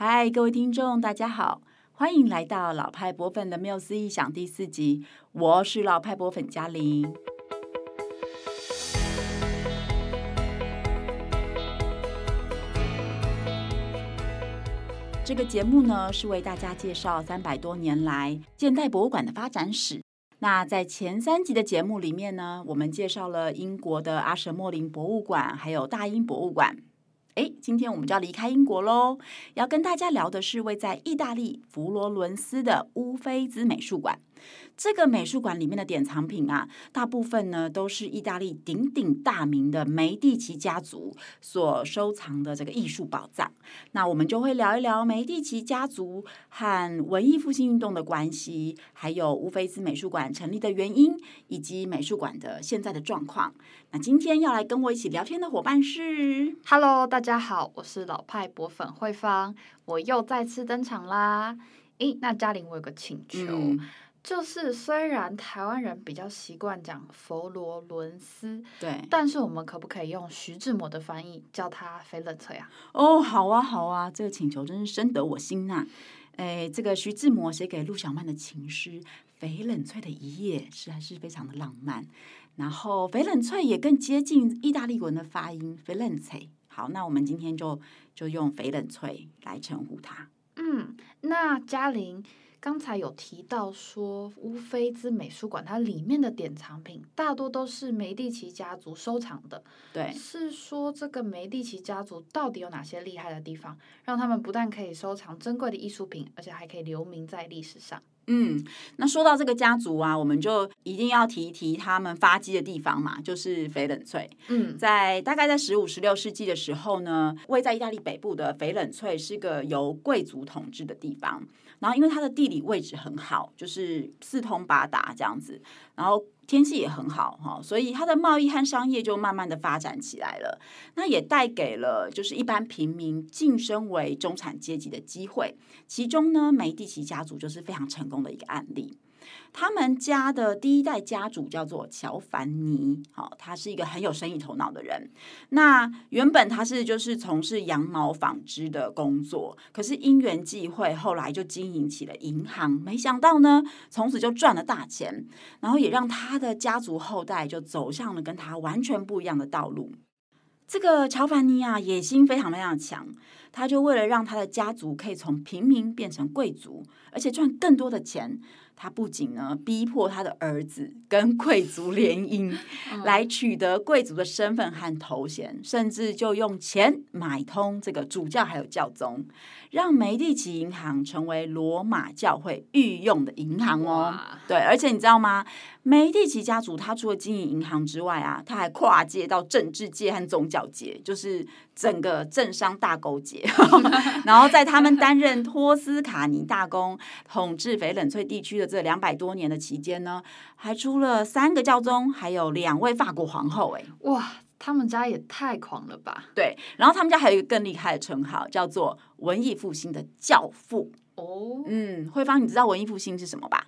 嗨，各位聽眾，大家好，歡迎來到老派博粉的繆斯異想第四集。我是老派博粉家琳。這個節目呢，是為大家介紹三百多年來現代博物館的發展史。那在前三集的節目裡面呢，我們介紹了英國的阿什莫林博物館，還有大英博物館。誒，今天我們就要離開英國嘍！要跟大家聊的是位在意大利佛羅倫斯的烏菲茲美術館。這個美術館裡面的典藏品啊，大部分呢都是意大利鼎鼎大名的梅地奇家族所收藏的這個藝術寶藏。那我們就會聊一聊梅地奇家族和文藝復興運動的關係，還有烏菲茲美術館成立的原因，以及美術館的現在的狀況。那今天要來跟我一起聊天的夥伴是，Hello，大家好，我是老派博粉惠方，我又再次登場啦。誒，那家琳，我有個請求。嗯就是雖然台灣人比較習慣講佛羅倫斯，對，但是我們可不可以用徐志摩的翻譯叫他翡冷翠啊？哦、oh，好啊，好啊，這個請求真是深得我心吶、啊！哎、欸，這個徐志摩寫給陸小曼的情詩《翡冷翠的一夜》實在是非常的浪漫，然後翡冷翠也更接近意大利文的發音翡冷翠。好，那我們今天就就用翡冷翠來稱呼他。嗯，那家琳。剛才有提到說烏菲茲美術館，它裡面的典藏品大多都是梅地奇家族收藏的。對，是說這個梅地奇家族到底有哪些厲害的地方，讓他們不但可以收藏珍貴的藝術品，而且還可以留名在歷史上？嗯，那說到這個家族啊，我們就一定要提一提他們發跡的地方嘛，就是翡冷翠。嗯，在大概在十五、十六世紀的時候呢，位在意大利北部的翡冷翠是一個由貴族統治的地方。然後，因為它的地理位置很好，就是四通八達這樣子，然後天氣也很好哈，所以它的貿易和商業就慢慢的發展起來了。那也帶給了就是一般平民晉升為中產階級的機會，其中呢，梅地奇家族就是非常成功的一個案例。他們家的第一代家主叫做喬凡尼，好、哦，他是一個很有生意頭腦的人。那原本他是就是從事羊毛紡織的工作，可是因緣際會，後來就經營起了銀行。沒想到呢，從此就賺了大錢，然後也讓他的家族後代就走向了跟他完全不一樣的道路。這個喬凡尼啊，野心非常非常強，他就為了讓他的家族可以從平民變成貴族，而且賺更多的錢。他不僅呢逼迫，他的兒子跟貴族聯姻，來取得貴族的身份和頭銜、 嗯，甚至就用錢買通這個主教還有教宗。讓梅地奇銀行成為羅馬教會御用的銀行哦，對，而且你知道嗎？梅地奇家族他除了經營銀行之外啊，他還跨界到政治界和宗教界，就是整個政商大勾結。嗯、 然後在他們擔任托斯卡尼大公、統治翡冷翠地區的這兩百多年的期間呢，還出了三個教宗，還有兩位法國皇後。哎，哇！他們家也太狂了吧！對，然後他們家還有一個更厲害的稱號，叫做文藝復興的教父。哦，嗯，惠方，你知道文藝復興是什麼吧？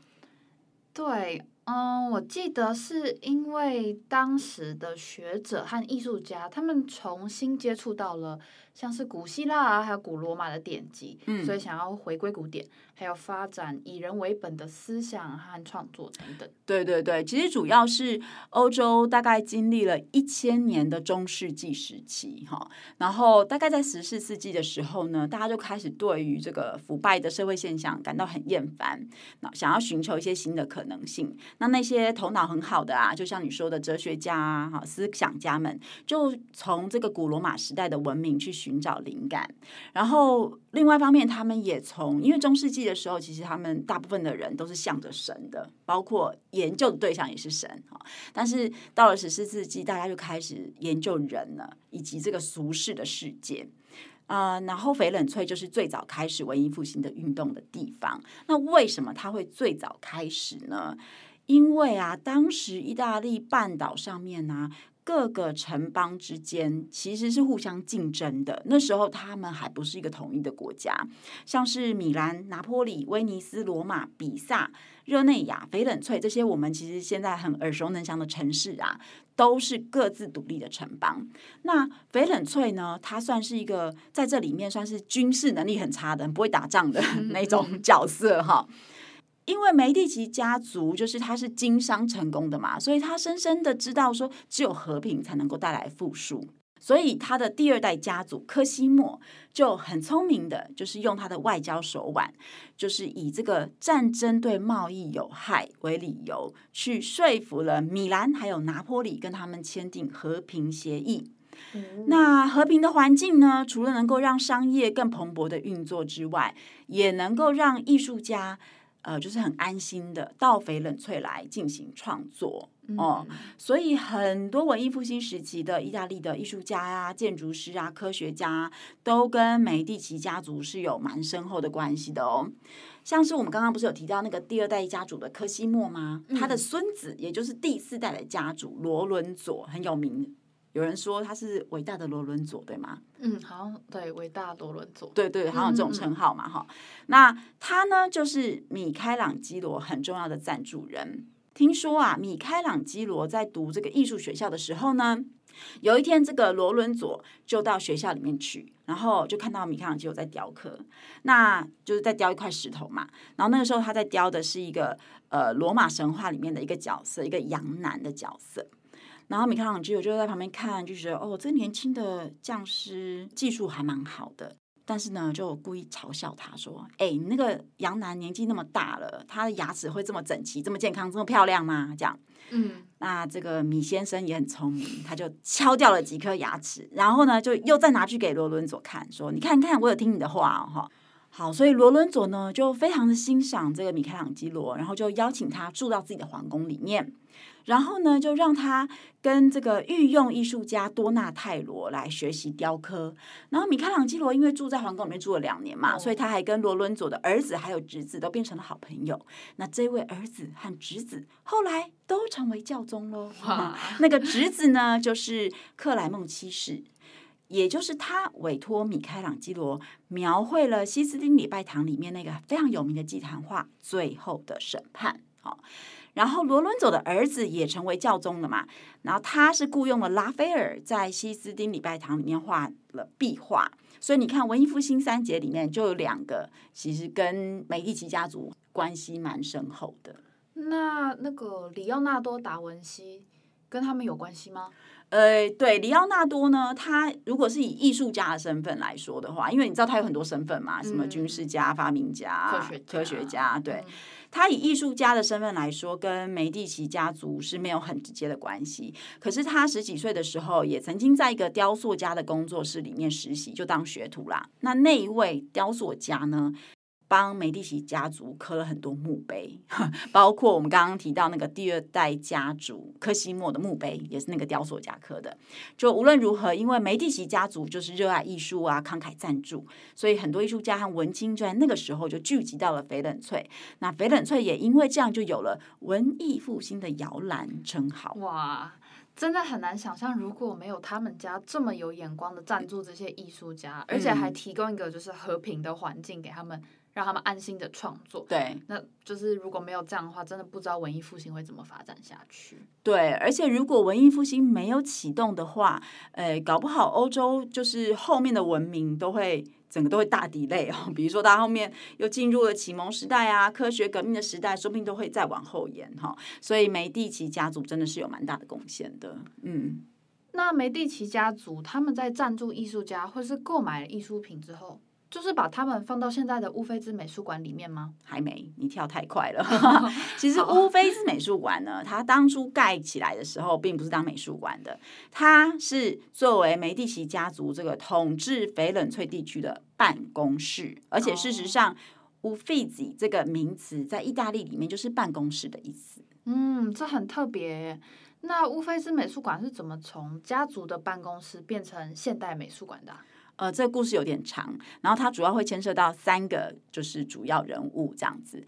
對，嗯，我記得是因為當時的學者和藝術家，他們重新接觸到了像是古希臘啊，還有古羅馬的典籍，嗯、所以想要回歸古典。還要發展以人為本的思想和創作等等。對對對，其實主要是歐洲大概經歷了一千年的中世紀時期，哈，然後大概在十四世紀的時候呢，大家就開始對於這個腐敗的社會現象感到很厭煩，那想要尋求一些新的可能性。那那些頭腦很好的啊，就像你說的哲學家啊、思想家們，就從這個古羅馬時代的文明去尋找靈感，然後。另外一方面，他們也從因為中世紀的時候，其實他們大部分的人都是向着神的，包括研究的對象也是神哈，但是到了十四世紀，大家就開始研究人了，以及這個俗世的世界啊、呃。然後翡冷翠就是最早開始文藝復興的運動的地方。那為什麼他會最早開始呢？因為啊，當時意大利半島上面呢、啊。各個城邦之間其實是互相競爭的。那時候他們還不是一個統一的國家，像是米蘭、拿坡里、威尼斯、羅馬、比薩、熱內亞、翡冷翠這些，我們其實現在很耳熟能詳的城市啊，都是各自獨立的城邦。那翡冷翠呢，它算是一個在這裡面算是軍事能力很差的、不會打仗的那種角色哈。嗯嗯因為梅地奇家族就是他是經商成功的嘛，所以他深深的知道說，只有和平才能夠帶來富庶。所以他的第二代家族科西莫就很聰明的，就是用他的外交手腕，就是以這個戰爭對貿易有害為理由，去說服了米蘭還有拿坡里，跟他們簽訂和平協議。嗯。那和平的環境呢，除了能夠讓商業更蓬勃的運作之外，也能夠讓藝術家。呃，就是很安心的盜匪冷萃來進行創作，嗯、哦，所以很多文藝復興時期的意大利的藝術家啊、建築師啊、科學家、啊，都跟梅地奇家族是有蠻深厚的關係的哦。像是我們剛剛不是有提到那個第二代家族的科西莫嗎、嗯？他的孫子，也就是第四代的家族羅倫佐，很有名。有人說他是偉大的羅倫佐，對嗎？嗯，好像對，偉大羅倫佐，對，對對，好像這種稱號嘛，哈、嗯嗯。那他呢，就是米開朗基羅很重要的贊助人。聽說啊，米開朗基羅在讀這個藝術學校的時候呢，有一天這個羅倫佐就到學校裡面去，然後就看到米開朗基羅在雕刻，那就是在雕一塊石頭嘛。然後那個時候他在雕的是一個呃羅馬神話裡面的一個角色，一個羊男的角色。然後米開朗基羅就在旁邊看，就覺得哦，這年輕的匠師技術還蠻好的。但是呢，就故意嘲笑他說：“哎，那個羊男年紀那麼大了，他的牙齒會這麼整齊、這麼健康、這麼漂亮嗎？”這樣，嗯，那這個米先生也很聰明，他就敲掉了幾顆牙齒，然後呢，就又再拿去給羅倫佐看，說：“你看看，我有聽你的話哈、哦。”好，所以羅倫佐呢就非常的欣賞這個米開朗基羅，然後就邀請他住到自己的皇宮裡面。然後呢，就讓他跟這個御用藝術家多納泰羅來學習雕刻。然後米開朗基羅因為住在皇宮裡面住了兩年嘛，哦、所以他還跟羅倫佐的兒子還有侄子都變成了好朋友。那這位兒子和侄子後來都成為教宗嘍。哇。那，那個侄子呢，就是克萊孟七世，也就是他委托米開朗基羅描繪了西斯丁禮拜堂裡面那個非常有名的祭壇畫《最後的審判》。好、哦。然後，羅倫佐的兒子也成為教宗了嘛？然後他是僱傭了拉斐爾，在西斯丁禮拜堂裡面畫了壁畫。所以你看，文藝復興三傑裡面就有兩個，其實跟梅地奇家族關係蠻深厚的。那那個，里奧納多·達·文西。跟他們有關係嗎？呃，對，里奧納多呢，他如果是以藝術家的身份來說的話，因為你知道他有很多身份嘛，嗯、什麼軍事家、發明家、科學科學、科學家，對、嗯、他以藝術家的身份來說，跟梅地奇家族是沒有很直接的關係。可是他十幾歲的時候，也曾經在一個雕塑家的工作室裡面實習，就當學徒啦。那那一位雕塑家呢？幫梅地奇家族刻了很多墓碑呵，包括我們剛剛提到那個第二代家族科西莫的墓碑，也是那個雕塑家刻的。就無論如何，因為梅地奇家族就是熱愛藝術啊，慷慨贊助，所以很多藝術家和文青就在那個時候就聚集到了翡冷翠。那翡冷翠也因為這樣就有了文藝復興的搖籃稱號。哇，真的很難想象，如果沒有他們家這麼有眼光的贊助這些藝術家，嗯、而且還提供一個就是和平的環境給他們。讓他們安心的創作，對，那就是如果沒有這樣的話，真的不知道文藝復興會怎麼發展下去。對，而且如果文藝復興沒有啟動的話，誒，搞不好歐洲就是後面的文明都會整個都會大 delay 哦。比如說，他後面又進入了啟蒙時代啊，科學革命的時代，說不定都會再往後延哈、哦。所以，梅地奇家族真的是有蠻大的貢獻的。嗯，那梅地奇家族他們在贊助藝術家或是購買了藝術品之後。就是把它們放到現在的烏菲茲美術館裡面嗎？還沒，你跳太快了。 其實烏菲茲美術館呢，它當初蓋起來的時候並不是當美術館的，它是作為梅蒂奇家族這個統治翡冷翠地區的辦公室。而且事實上，Oh. 烏菲茲這個名詞在意大利裡面就是辦公室的意思。嗯，這很特別。那烏菲茲美術館是怎麼從家族的辦公室變成現代美術館的啊？呃，這個故事有點長，然後它主要會牽涉到三個就是主要人物這樣子。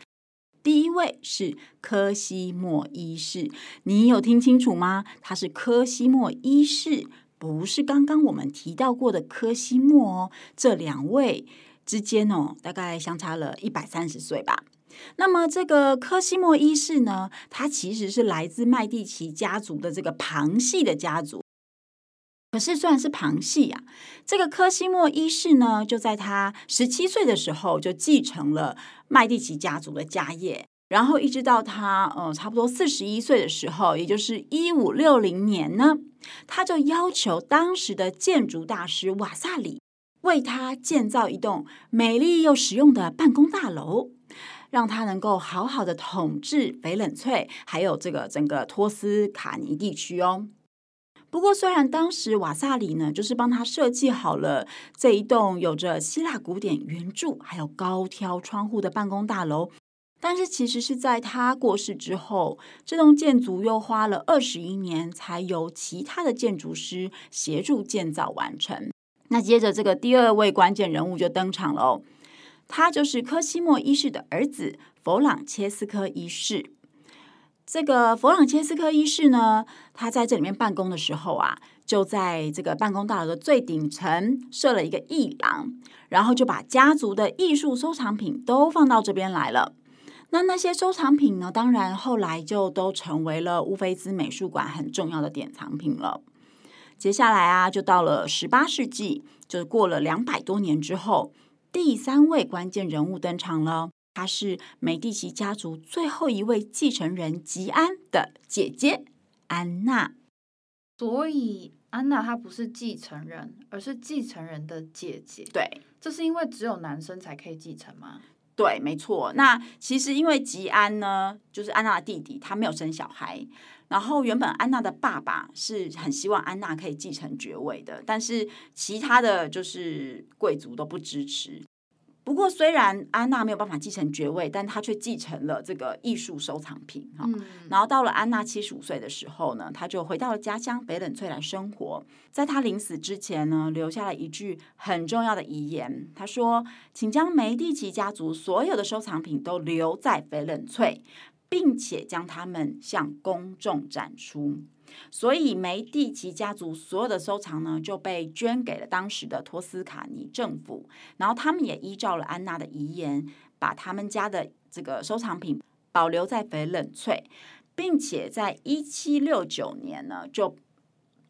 第一位是科西莫一世，你有聽清楚嗎？他是科西莫一世，不是剛剛我們提到過的科西莫哦。這兩位之間哦，大概相差了一百三十歲吧。那麼這個科西莫一世呢，他其實是來自梅地奇家族的這個旁系的家族。可是，雖然是旁系啊，這個科西莫一世呢，就在他十七歲的時候就繼承了麥地奇家族的家業，然後一直到他呃差不多四十一歲的時候，也就是一五六零年呢，他就要求當時的建築大師瓦薩里為他建造一棟美麗又實用的辦公大樓，讓他能夠好好的統治翡冷翠，還有這個整個托斯卡尼地區哦。不過，雖然當時瓦薩里呢，就是幫他設計好了這一棟有着希臘古典圓柱還有高挑窗戶的辦公大樓，但是其實是在他過世之後，這棟建築又花了二十一年，才由其他的建築師協助建造完成。那接着這個第二位關鍵人物就登場嘍，他就是科西莫一世的兒子弗朗切斯科一世。這個佛朗切斯科一世呢，他在這裡面辦公的時候啊，就在這個辦公大樓的最頂層設了一個藝廊，然後就把家族的藝術收藏品都放到這邊來了。那那些收藏品呢，當然後來就都成為了烏菲茲美術館很重要的典藏品了。接下來啊，就到了十八世紀，就是過了兩百多年之後，第三位關鍵人物登場了。她是梅地奇家族最後一位繼承人吉安的姐姐安娜，所以安娜她不是繼承人，而是繼承人的姐姐。對，這是因為只有男生才可以繼承嗎？對，沒錯。那其實因為吉安呢，就是安娜的弟弟，他沒有生小孩，然後原本安娜的爸爸是很希望安娜可以繼承爵位的，但是其他的就是貴族都不支持。不過，雖然安娜沒有辦法繼承爵位，但她卻繼承了這個藝術收藏品哈、嗯嗯。然後，到了安娜七十五歲的時候呢，她就回到了家鄉翡冷翠來生活。在她臨死之前呢，留下了一句很重要的遺言，她說：“請將梅蒂奇家族所有的收藏品都留在翡冷翠，並且將它們向公眾展出。”所以梅地奇家族所有的收藏呢，就被捐給了當時的托斯卡尼政府。然後他們也依照了安娜的遺言，把他們家的這個收藏品保留在翡冷翠，並且在1769年呢，就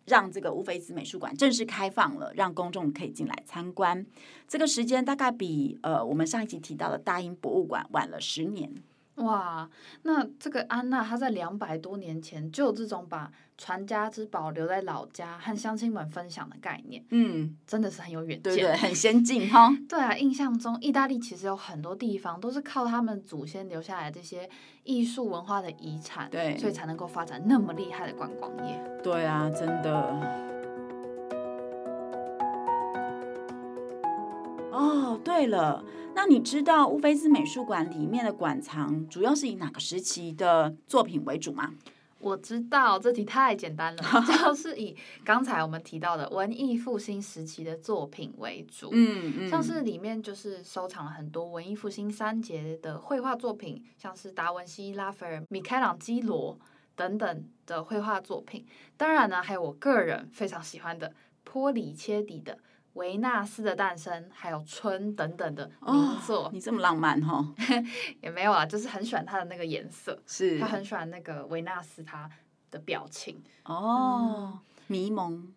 讓這個烏菲茲美術館正式開放了，讓公眾可以進來參觀。這個時間大概比呃我們上一集提到的大英博物館晚了十年。哇，那這個安娜她在兩百多年前就有這種把傳家之寶留在老家和鄉親們分享的概念。嗯，真的是很有遠見，對，對，很先進哈、哦。 對啊，印象中意大利其實有很多地方都是靠他們祖先留下來這些藝術文化的遺產，對，所以才能夠發展那麼厲害的觀光業。對啊，真的。對了，那你知道烏菲茲美術館裡面的館藏主要是以哪個時期的作品為主嗎？我知道這題太簡單了，就是以剛才我們提到的文藝復興時期的作品為主。 嗯，嗯，像是裡面就是收藏了很多文藝復興三傑的繪畫作品，像是達文西、拉斐爾、米開朗基羅等等的繪畫作品。嗯，當然呢，還有我個人非常喜歡的波里切底的。維納斯的誕生，還有春等等的名作，哦、你這麼浪漫齁、哦， 也沒有啊，就是很喜歡他的那個顏色，是他很喜歡那個維納斯他的表情哦、嗯，迷蒙。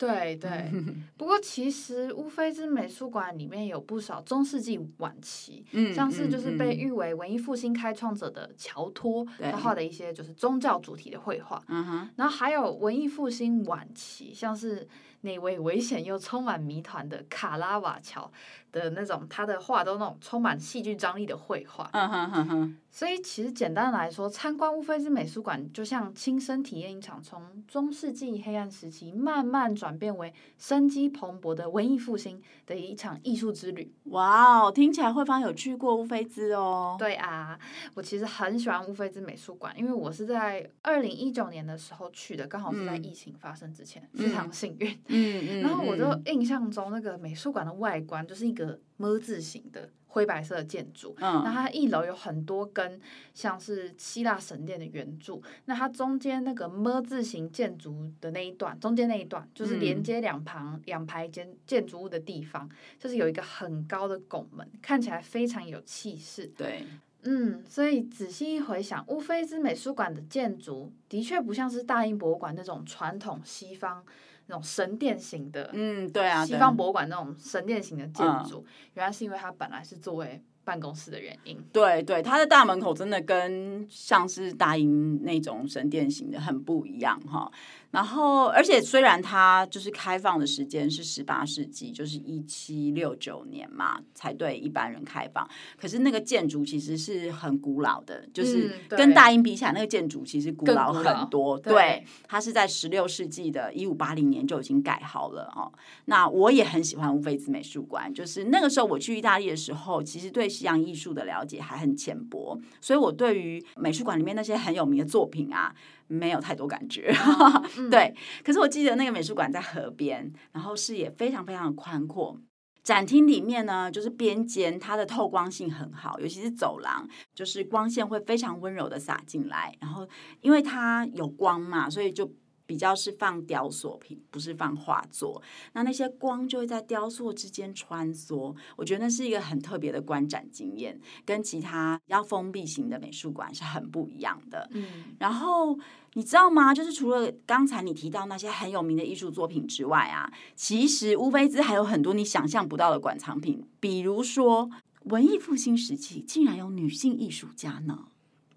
對對，不過其實烏菲茲美術館裡面有不少中世紀晚期，嗯，像是就是被譽為文藝復興開創者的喬托，他畫的一些就是宗教主題的繪畫，嗯。然後還有文藝復興晚期，像是那位危險又充滿謎團的卡拉瓦喬的那種，他的畫都那種充滿戲劇張力的繪畫。嗯，所以其實簡單來說，參觀烏菲茲美術館就像親身體驗一場從中世紀黑暗時期慢慢轉。轉變為生機蓬勃的文藝復興的一場藝術之旅。哇哦，聽起來惠方有去過烏菲茲哦。對啊，我其實很喜歡烏菲茲美術館，因為我是在二零一九年的時候去的，剛好是在疫情發生之前，嗯、非常幸運。嗯嗯。嗯 然後我就印象中那個美術館的外觀就是一個麼字形的。灰白色的建築，嗯，那它一樓有很多根像是希臘神殿的圓柱。那它中間那個 M 字形建築的那一段，中間那一段就是連接兩旁兩、嗯、排間建築物的地方，就是有一個很高的拱門，看起來非常有氣勢。對，嗯，所以仔細一回想，烏菲茲美術館的建築的確不像是大英博物館那種傳統西方，那種神殿型的，嗯，對啊，西方博物館那種神殿型的建築，原來是因為它本來是作為辦公室的原因。對對，它的大門口真的跟像是大英那種神殿型的很不一樣哈。然後，而且雖然它就是開放的時間是十八世紀，就是一七六九年嘛，才對一般人開放。可是那個建築其實是很古老的，就是跟大英比起來，那個建築其實古老很多。對，對，它是在十六世紀的一五八零年就已經蓋好了哦。那我也很喜歡烏菲茲美術館。就是那個時候我去意大利的時候，其實對西洋藝術的了解還很淺薄，所以我對於美術館裡面那些很有名的作品啊。沒有太多感覺，哦嗯、 對。可是我記得那個美術館在河邊，然後視野非常非常的寬闊。展廳裡面呢，就是邊間，它的透光性很好，尤其是走廊，就是光線會非常溫柔的灑進來。然後因為它有光嘛，所以就。比較是放雕塑品，不是放畫作。那那些光就會在雕塑之間穿梭，我覺得那是一個很特別的觀展經驗，跟其他比較封閉型的美術館是很不一樣的。嗯，然後你知道嗎？就是除了剛才你提到那些很有名的藝術作品之外啊，其實烏菲茲還有很多你想象不到的館藏品，比如說文藝復興時期竟然有女性藝術家呢！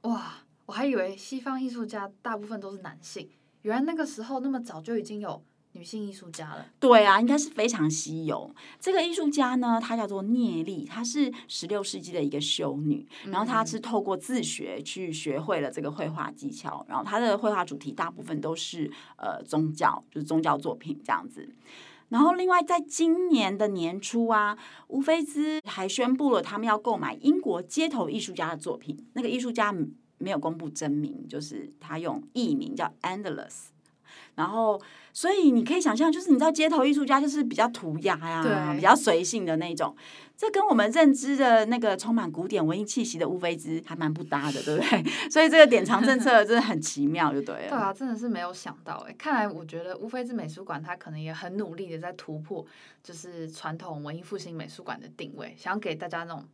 哇，我還以為西方藝術家大部分都是男性。原來那個時候那麼早就已經有女性藝術家了。對啊，應該是非常稀有。這個藝術家呢，她叫做聶麗，她是十六世紀的一個修女，嗯嗯，然後她是透過自學去學會了這個繪畫技巧，然後她的繪畫主題大部分都是呃宗教，就是宗教作品這樣子。然後另外在今年的年初啊，烏菲茲還宣布了他們要購買英國街頭藝術家的作品，那個藝術家。沒有公布真名，就是他用藝名叫 Endless，然後所以你可以想象，就是你知道街頭藝術家就是比較塗鴉呀、啊，比較隨性的那一種，這跟我們認知的那個充滿古典文藝氣息的烏菲茲還蠻不搭的，對不對？ 所以這個典藏政策真的很奇妙，就對了。對啊，真的是沒有想到哎、欸，看來我覺得烏菲茲美術館它可能也很努力的在突破，就是傳統文藝復興美術館的定位，想要給大家那種。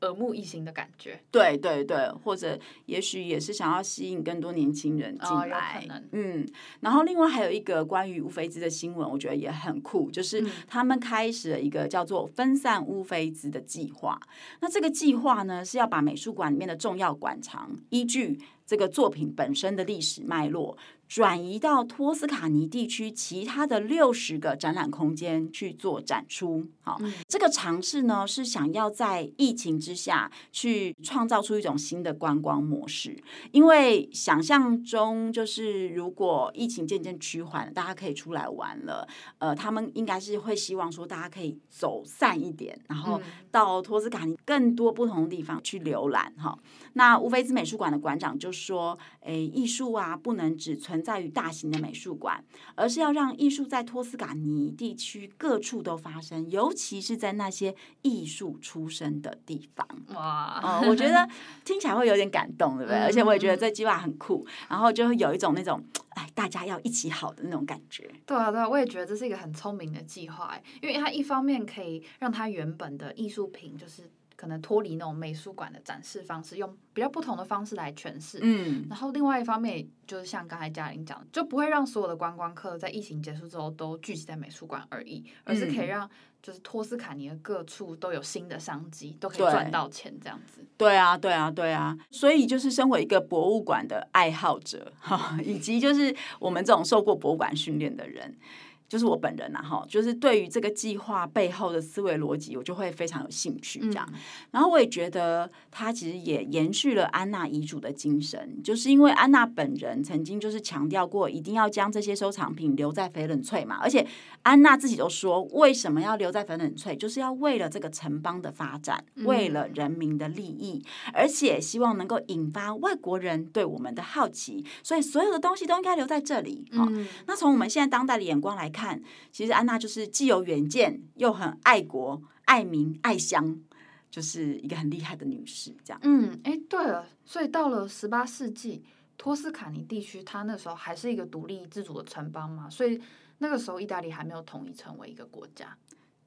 耳目一新的感覺，對對對，或者也許也是想要吸引更多年輕人進來，哦，嗯，然後另外還有一個關於烏菲茲的新聞，我覺得也很酷，就是他們開始了一個叫做分散烏菲茲的計劃。那這個計劃呢，是要把美術館裡面的重要館藏依據。這個作品本身的歷史脈絡轉移到托斯卡尼地區其他的六十個展覽空間去做展出。好、嗯，這個嘗試呢是想要在疫情之下去創造出一種新的觀光模式，因為想象中就是如果疫情漸漸趨緩，大家可以出來玩了。呃，他們應該是會希望說大家可以走散一點，然後到托斯卡尼更多不同的地方去瀏覽。哈、嗯。哦那烏菲茲美術館的館長就說：“誒、欸，藝術啊，不能只存在於大型的美術館，而是要讓藝術在托斯卡尼地區各處都發生，尤其是在那些藝術出生的地方。”哇、嗯！我覺得聽起來會有點感動， 對不對？而且我也覺得這計劃很酷，然後就會有一種那種哎，大家要一起好的那種感覺。對啊，對啊，我也覺得這是一個很聰明的計劃、欸，因為它一方面可以讓它原本的藝術品就是。可能脫離那種美術館的展示方式，用比較不同的方式來詮釋。嗯，然後另外一方面，就是像剛才嘉玲講的，就不會讓所有的觀光客在疫情結束之後都聚集在美術館而已，而是可以讓就是托斯卡尼的各處都有新的商機，嗯，都可以賺到錢這樣子對。對啊，對啊，對啊！所以就是身為一個博物館的愛好者，哈，以及就是我們這種受過博物館訓練的人。就是我本人吶，哈，就是對於這個計劃背後的思維邏輯，我就會非常有興趣這樣。嗯、然後我也覺得，他其實也延續了安娜遺囑的精神，就是因為安娜本人曾經就是強調過，一定要將這些收藏品留在翡冷翠嘛。而且安娜自己都說，為什麼要留在翡冷翠，就是要為了這個城邦的發展、嗯，為了人民的利益，而且希望能夠引發外國人對我們的好奇，所以所有的東西都應該留在這裡。好、嗯，那從我們現在當代的眼光來看。其實安娜就是既有遠見，又很愛國、愛民、愛鄉，就是一個很厲害的女士。這樣，嗯，哎、欸，對了，所以到了十八世紀，托斯卡尼地區，她那時候還是一個獨立自主的城邦嘛，所以那個時候意大利還沒有統一成為一個國家。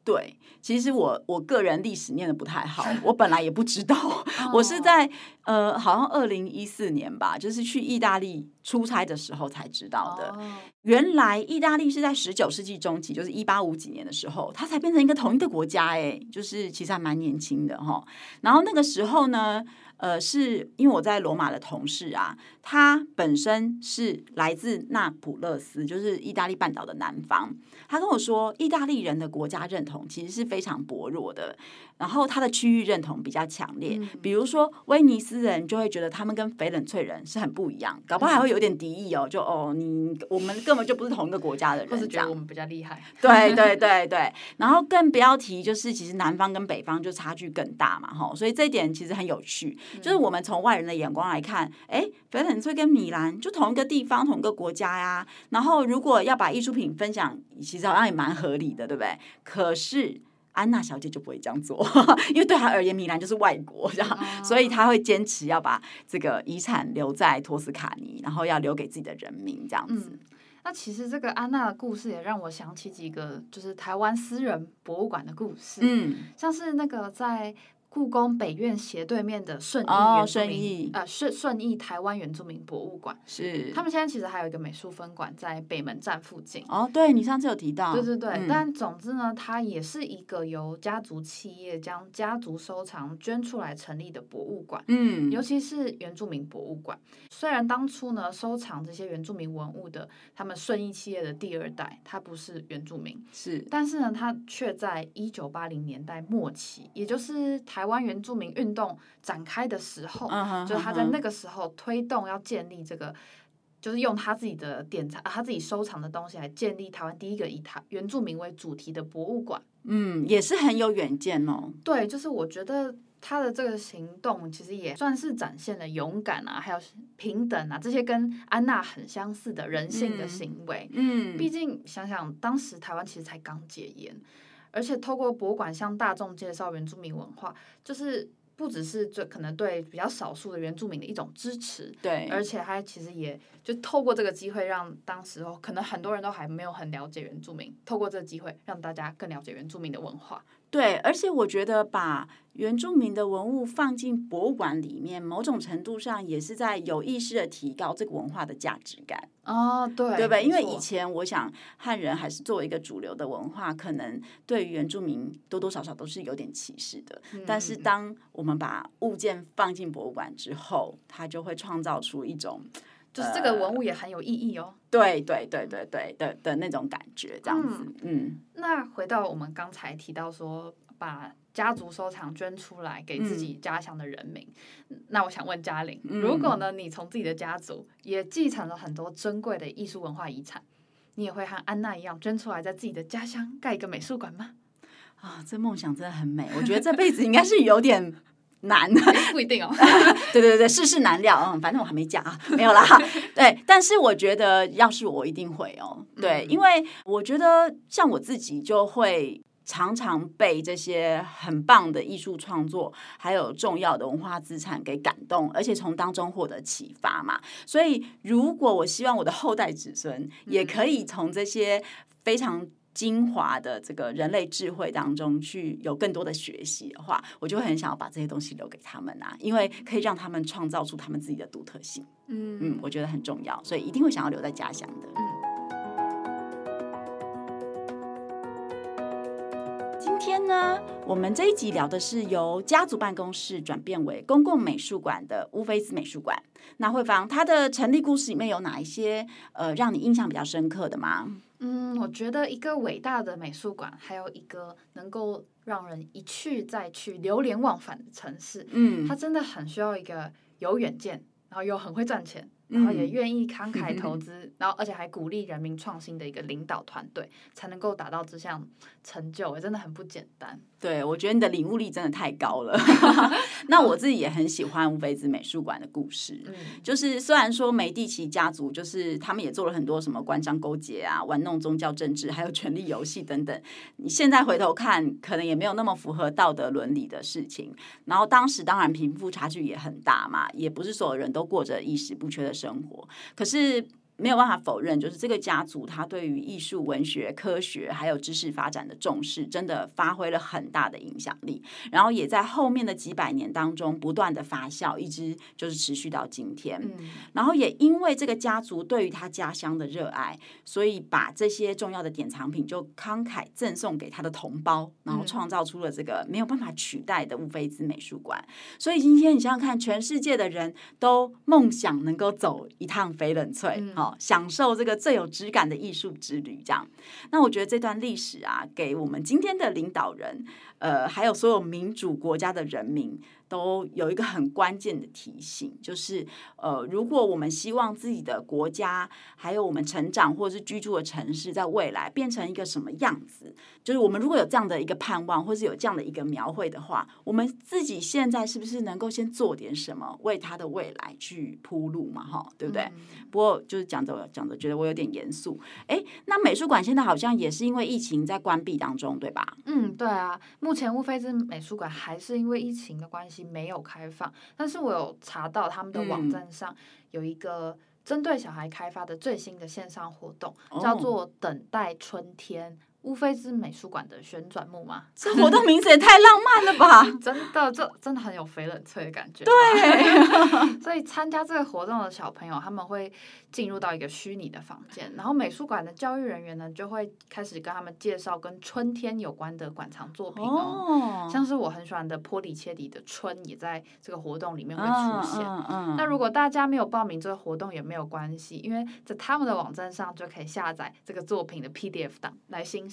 對，其實我我個人歷史念得不太好，我本來也不知道， 哦、 我是在呃，好像二零一四年吧，就是去意大利出差的時候才知道的。哦原來意大利是在十九世紀中期，就是一八五幾年的時候，它才變成一個同一個國家，哎，就是其實還蠻年輕的哈、哦。然後那個時候呢，呃，是因為我在羅馬的同事啊，他本身是來自那普勒斯，就是意大利半島的南方。他跟我說，意大利人的國家認同其實是非常薄弱的，然後他的區域認同比較強烈。比如說威尼斯人就會覺得他們跟翡冷翠人是很不一樣，搞不好還會有點敵意哦。就哦，你我們更我就不是同一個國家的人，或是覺得我們比較厲害。 對對對對，然後更不要提就是其實南方跟北方就差距更大嘛，哈，所以這一點其實很有趣。嗯、就是我們從外人的眼光來看，哎、欸，翡冷翠跟米蘭就同一個地方、同一個國家呀、啊。然後如果要把藝術品分享，其實好像也蠻合理的，對不對？可是。安娜小姐就不會這樣做， 因為對她而言，米蘭就是外國，這樣，啊、所以她會堅持要把這個遺產留在托斯卡尼，然後要留給自己的人民這樣子、嗯。那其實這個安娜的故事也讓我想起幾個，就是台灣私人博物館的故事，嗯，像是那個在。故宮北院斜對面的順義原住民，oh, 順意呃，順順義台灣原住民博物館是。他們現在其實還有一個美術分館在北門站附近。哦、oh,，對，你上次有提到。對對對、嗯，但總之呢，它也是一個由家族企業將家族收藏捐出來成立的博物館。嗯，尤其是原住民博物館，雖然當初呢，收藏這些原住民文物的，他們順義企業的第二代他不是原住民，是，但是呢他卻在一九八零年代末期，也就是台灣原住民運動展開的時候，嗯，就是時候這個嗯，就是他在那個時候推動要建立這個，就是用他自己的典藏啊，他自己收藏的東西來建立台灣第一個以台原住民為主題的博物館。嗯，也是很有遠見哦。對，就是我覺得他的這個行動其實也算是展現了勇敢啊，還有平等啊，這些跟安娜很相似的人性的行為。嗯，畢、嗯、竟想想當時台灣其實才剛解嚴。而且透過博物館向大眾介紹原住民文化，就是不只是這可能對比較少數的原住民的一種支持，對，而且它其實也就透過這個機會，讓當時候可能很多人都還沒有很了解原住民，透過這個機會讓大家更了解原住民的文化。對，而且我覺得把原住民的文物放進博物館裡面，某種程度上也是在有意識的提高這個文化的價值感啊、哦，對，對吧？因為以前我想，漢人還是作為一個主流的文化，可能對於原住民多多少少都是有點歧視的。嗯、但是，當我們把物件放進博物館之後，它就會創造出一種。就是這個文物也很有意義哦。嗯、對對對對對的的那種感覺，這樣子嗯。嗯，那回到我們剛才提到說，把家族收藏捐出來給自己家鄉的人民、嗯。那我想問家琳，如果呢你從自己的家族也繼承了很多珍貴的藝術文化遺產，你也會和安娜一樣捐出來，在自己的家鄉蓋一個美術館嗎？啊、哦，這夢想真的很美。我覺得這輩子應該是有點。 難、欸，不一定哦。 對對對，世事難料。嗯，反正我還沒嫁啊，沒有啦。 對，但是我覺得，要是我一定會哦。對，嗯、因為我覺得，像我自己就會常常被這些很棒的藝術創作，還有重要的文化資產給感動，而且從當中獲得啟發嘛。所以，如果我希望我的後代子孫也可以從這些非常。精華的這個人類智慧當中去有更多的學習的話，我就很想要把這些東西留給他們啊，因為可以讓他們創造出他們自己的獨特性。嗯嗯，我覺得很重要，所以一定會想要留在家鄉的。那我們這一集聊的是由家族辦公室轉變為公共美術館的烏菲茲美術館。那惠方，她的成立故事裡面有哪一些呃讓你印象比較深刻的嗎？嗯，我覺得一個偉大的美術館，還有一個能夠讓人一去再去流連忘返的城市，嗯，它真的很需要一個有遠見，然後又很會賺錢。然後也願意慷慨投資，嗯嗯，然後而且還鼓勵人民創新的一個領導團隊，才能夠達到這項成就，也真的很不簡單。對，我覺得你的領悟力真的太高了。 那我自己也很喜歡烏菲茲美術館的故事， 就是雖然說梅地奇家族就是他們也做了很多什麼官商勾結啊、玩弄宗教、政治，還有權力遊戲等等。你現在回頭看，可能也沒有那麼符合道德倫理的事情。然後當時當然貧富差距也很大嘛，也不是所有人都過着衣食不缺的生活。可是。沒有辦法否認，就是這個家族他對於藝術、文學、科學還有知識發展的重視，真的發揮了很大的影響力。然後也在後面的幾百年當中不斷的發酵，一直就是持續到今天，嗯。然後也因為這個家族對於他家鄉的熱愛，所以把這些重要的典藏品就慷慨贈送給他的同胞，然後創造出了這個沒有辦法取代的烏菲茲美術館。所以今天你想想看，全世界的人都夢想能夠走一趟翡冷翠。嗯享受這個最有質感的藝術之旅，這樣。那我覺得這段歷史啊，給我們今天的領導人，呃，還有所有民主國家的人民。都有一個很關鍵的提醒，就是呃，如果我們希望自己的國家，還有我們成長或者是居住的城市，在未來變成一個什麼樣子，就是我們如果有這樣的一個盼望，或是有這樣的一個描繪的話，我們自己現在是不是能夠先做點什麼，為它的未來去鋪路嘛？哈，對不對，嗯？不過就是講着講着，覺得我有點嚴肅誒。那美術館現在好像也是因為疫情在關閉當中，對吧？嗯，對啊，目前烏菲茲美術館還是因為疫情的關係。沒有開放，但是我有查到他們的網站上有一個針對小孩開發的最新的線上活動，嗯，叫做“等待春天”。烏菲茲美術館的旋轉木馬，這活動名字也太浪漫了吧！ 真的，這真的很有《翡冷翠》的感覺。對， 所以參加這個活動的小朋友，他們會進入到一個虛擬的房間，然後美術館的教育人員呢，就會開始跟他們介紹跟春天有關的館藏作品哦，oh. 像是我很喜歡的波提切利的《春》，也在這個活動裡面會出現。Um, um, um. 那如果大家沒有報名這個活動也沒有關係，因為在他們的網站上就可以下載這個作品的 PDF 檔來欣。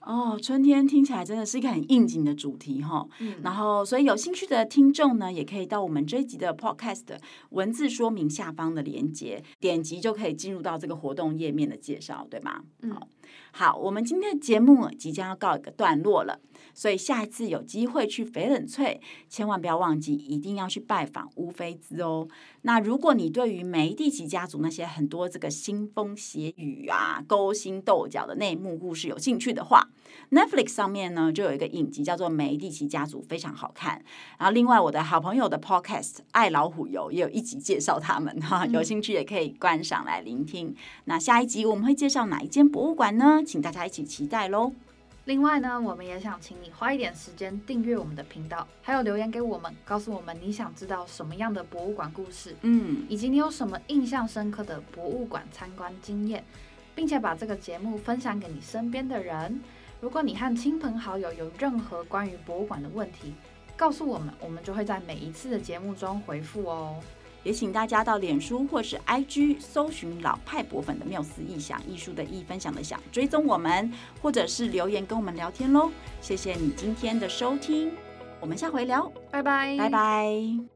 哦，春天聽起來真的是一個很應景的主題哈、哦嗯。然後，所以有興趣的聽眾呢，也可以到我們這一集的 Podcast 文字說明下方的連接點擊，就可以進入到這個活動頁面的介紹，對嗎、嗯？好好，我們今天的節目即將要告一個段落了。所以下一次有機會去翡冷翠，千萬不要忘記一定要去拜訪烏菲茲哦。那如果你對於梅地奇家族那些很多這個腥風血雨啊、勾心鬥角的內幕故事有興趣的話，Netflix 上面呢就有一個影集叫做《梅地奇家族》，非常好看。然後另外我的好朋友的 Podcast《愛老虎油》也有一集介紹他們哈、嗯啊，有興趣也可以觀賞來聆聽。那下一集我們會介紹哪一間博物館呢？請大家一起期待嘍！另外呢，我們也想請你花一點時間訂閱我們的頻道，還有留言給我們，告訴我們你想知道什麼樣的博物館故事，嗯，以及你有什麼印象深刻的博物館參觀經驗，並且把這個節目分享給你身邊的人。如果你和親朋好友有任何關於博物館的問題，告訴我們，我們就會在每一次的節目中回復哦。也請大家到臉書或是 IG 搜尋“老派博粉的”的繆斯意想藝術的藝分享的想追蹤我們，或者是留言跟我們聊天嘍。謝謝你今天的收聽，我們下回聊，拜拜，拜拜。